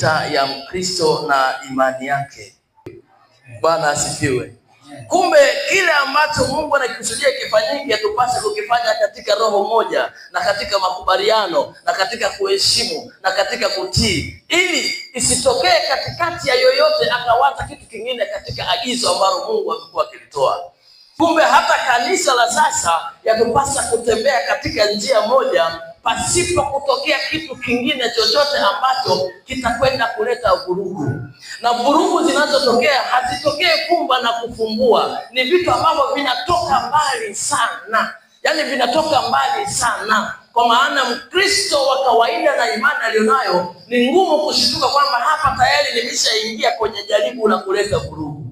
vita ya Mkristo na imani yake. Bwana asifiwe. Kumbe kile ambacho Mungu anakikusudia kifanyike, tupashe kukifanya katika roho moja na katika makubaliano na katika kuheshimu na katika kutii, ili isitokee katikati ya yoyote akawaza kitu kingine katika agizo ambalo Mungu amekuwa akilitoa. Kumbe hata kanisa la sasa yatupasa kutembea katika njia moja pasipo kutokea kitu kingine chochote ambacho kitakwenda kuleta vurugu. Na vurugu zinazotokea hazitokee kumba na kufumbua, ni vitu ambavyo vinatoka mbali sana, yaani vinatoka mbali sana kwa maana Mkristo wa kawaida na imani aliyonayo ni ngumu kushituka kwamba hapa tayari nimeshaingia kwenye jaribu la kuleta vurugu.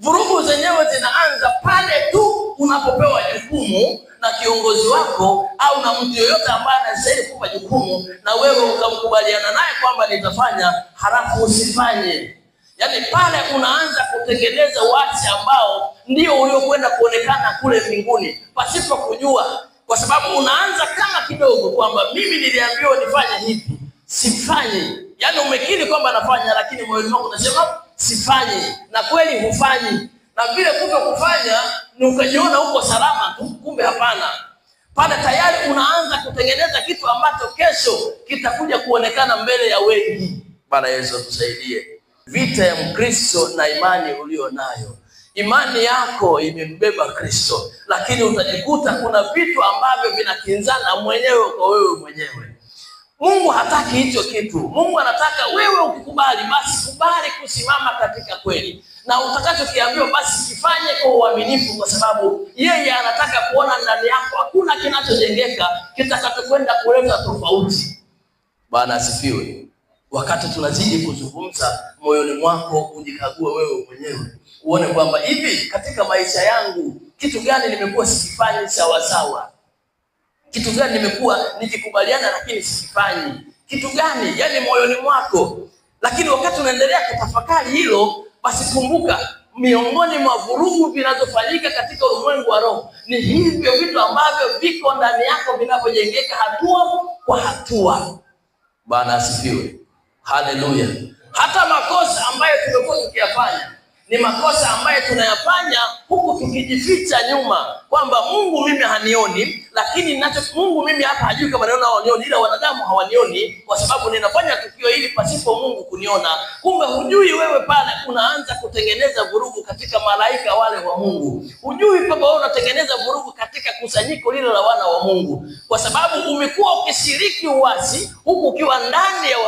Vurugu zenyewe zinaanza pale tu unapopewa jukumu na kiongozi wako au na mtu yoyote ambaye anastahili kupa jukumu na wewe ukamkubaliana naye kwamba nitafanya, halafu usifanye. Yaani pale unaanza kutengeneza uasi ambao ndio uliokwenda kuonekana kule mbinguni pasipo kujua, kwa sababu unaanza kama kidogo kwamba mimi niliambiwa nifanye hivi, sifanye. Yaani umekiri kwamba nafanya, lakini moyoni mwako unasema sifanye, na kweli hufanyi na vile kuto kufanya ni ukajiona uko salama tu, kumbe hapana. Pale tayari unaanza kutengeneza kitu ambacho kesho kitakuja kuonekana mbele ya wengi. Bwana Yesu atusaidie. Vita ya Mkristo na imani uliyo nayo imani yako imembeba Kristo, lakini utajikuta kuna vitu ambavyo vinakinzana mwenyewe kwa wewe mwenyewe. Mungu hataki hicho kitu. Mungu anataka wewe ukikubali, basi kubali kusimama katika kweli, na utakachokiambiwa basi kifanye kwa uaminifu, kwa sababu yeye anataka kuona ndani yako hakuna kinachojengeka kitakachokwenda kuleta tofauti. Bwana asifiwe. Wakati tunazidi kuzungumza, moyoni mwako ujikague wewe mwenyewe, uone kwamba hivi katika maisha yangu kitu gani nimekuwa sikifanyi sawasawa, kitu gani nimekuwa nikikubaliana lakini sikifanyi, kitu gani yani moyoni mwako. Lakini wakati unaendelea kutafakari hilo, basi kumbuka miongoni mwa vurugu vinazofanyika katika ulimwengu wa roho ni hivyo vitu ambavyo viko ndani yako vinavyojengeka hatua kwa hatua. Bwana asifiwe, haleluya. Hata makosa ambayo tumekuwa tukiyafanya ni makosa ambayo tunayafanya huku tukijificha nyuma kwamba Mungu mimi hanioni lakini nacho Mungu mimi hapa hajui kama naona wanioni, ila wanadamu hawanioni kwa sababu ninafanya tukio hili pasipo Mungu kuniona. Kumbe hujui wewe pale unaanza kutengeneza vurugu katika malaika wale wa Mungu. Hujui kwamba wewe unatengeneza vurugu katika kusanyiko lile la wana wa Mungu, kwa sababu umekuwa ukishiriki uasi huku ukiwa ndani ya